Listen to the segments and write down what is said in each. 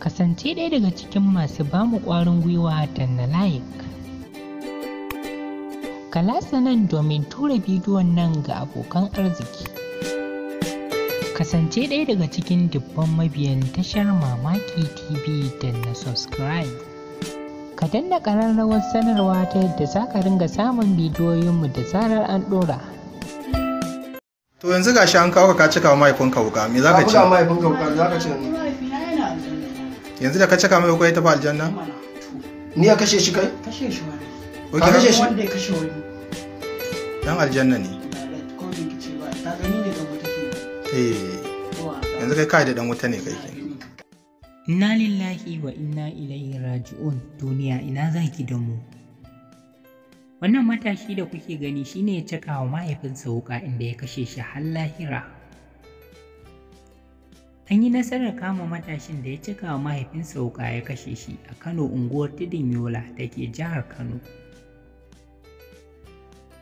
kasance ɗaya daga cikin masu ba mu ƙwarin gwiwa da na like. Kalasa nan domin tura bidiyon nan ga abokan arziki. Kasance ɗaya daga cikin dubban mabiyan tashar Mamaki TV da na subscribe. Ka danna ƙararrawar sanarwa ta yadda za ka ringa samun bidiyoyinmu da zarar an ɗora. To yanzu gashi an kawo ka cika mahaifinka wuka, me za ka ce? Ka buga mahaifinka wuka, me za ka ce? yanzu da ka caka mai ta tafi aljanna ni ya kashe shi kai kashe shi wani ka kashe shi wanda ya kashe wani dan aljanna ne ta ne ke eh yanzu kai kai da dan wuta ne kai inna lillahi wa inna ilaihi raji'un duniya ina zaki da mu wannan matashi da kuke gani shine ya caka wa mahaifinsa wuka inda ya kashe shi har lahira An yi nasarar kama matashin da ya cika wa mahaifinsa wuka ya kashe shi a Kano unguwar tidin Yola da ke jihar Kano.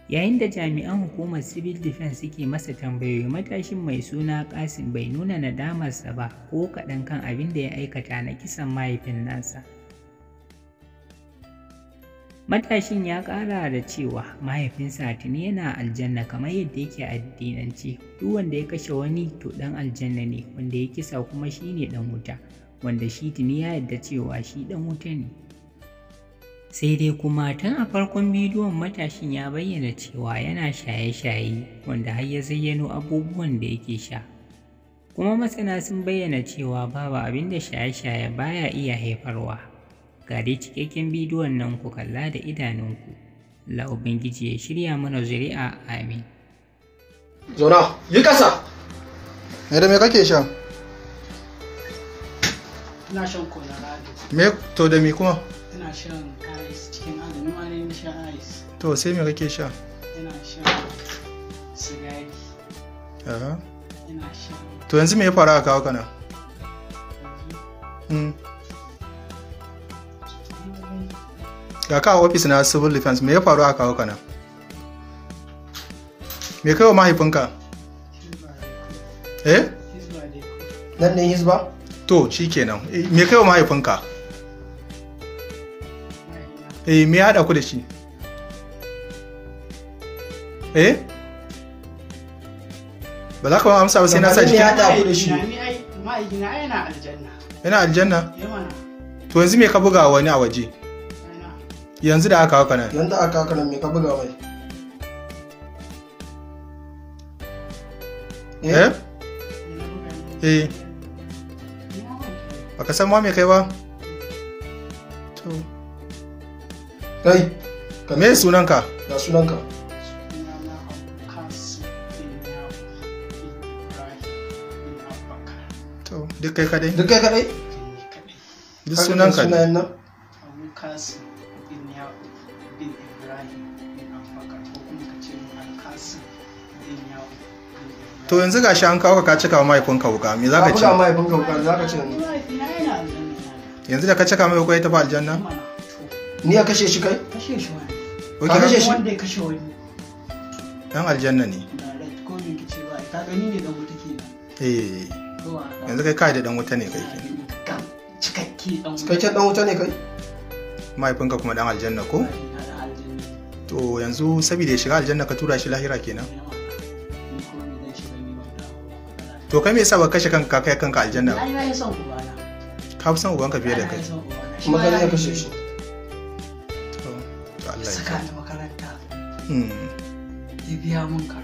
Yayin da jami'an hukumar Civil Defense suke masa tambayoyi matashin mai suna Kasim bai nuna nadamarsa ba ko kaɗan kan abin da ya aikata na kisan mahaifin nasa. matashin ya ƙara da cewa mahaifinsa tuni yana aljanna kamar yadda yake addinance duk wanda ya kashe wani to ɗan aljanna ne wanda ya kisa kuma shi ne ɗan wuta wanda shi tuni ya yadda cewa shi ɗan wuta ne sai dai kuma tun a farkon bidiyon matashin ya bayyana cewa yana shaye-shaye wanda har ya zayyano abubuwan da yake sha kuma masana sun bayyana cewa babu abin da shaye-shaye baya iya haifarwa ga dai cikakken bidiyon nan ku kalla da idanunku la ubangiji ya shirya mana zuri'a amin zauna yi kasa me eh, da me kake sha ina shan kola me to da me kuma ina shan ice cikin azumi ma ne shan ice to sai me kake sha ina shan sigari ina shan to yanzu me ya faru a kawo kana mm. ga ka ofis na civil defense me ya faru a kawo kana me kai wa mahaifinka eh nan ne to eh, me kai wa mahaifinka eh me ya hada ku da shi eh ba za ka ba amsa ba sai na sa jiki yana aljanna yana aljanna eh, to yanzu me ka buga wani a waje yanzu da aka haka nan yanzu aka haka nan me ka buga wai? Eh? eh eh baka san ma me kai ba to kai me sunanka ka sunanka to duk kai kadai duk kai kadai duk sunan ka ne to yanzu ga shi an kawo ka cika wa mahaifinka wuka me za ka ce yanzu da ka cika mai wuka ya tafi aljanna ni ya kashe shi kai ka kashe shi wanda ya kashe wani dan aljanna ne ka gani ne dan wuta ke eh yanzu kai kai da dan wuta ne kai kenan cikakken dan wuta ne kai mahaifinka kuma dan aljanna ko to yanzu saboda ya shiga aljanna ka tura shi lahira kenan to kai me yasa ba kashe kanka kai kanka aljanna ba ka fi son ubanka fiye da kai kuma kai ya kashe shi to Allah ya saka ni makaranta hmm. ya biya karatu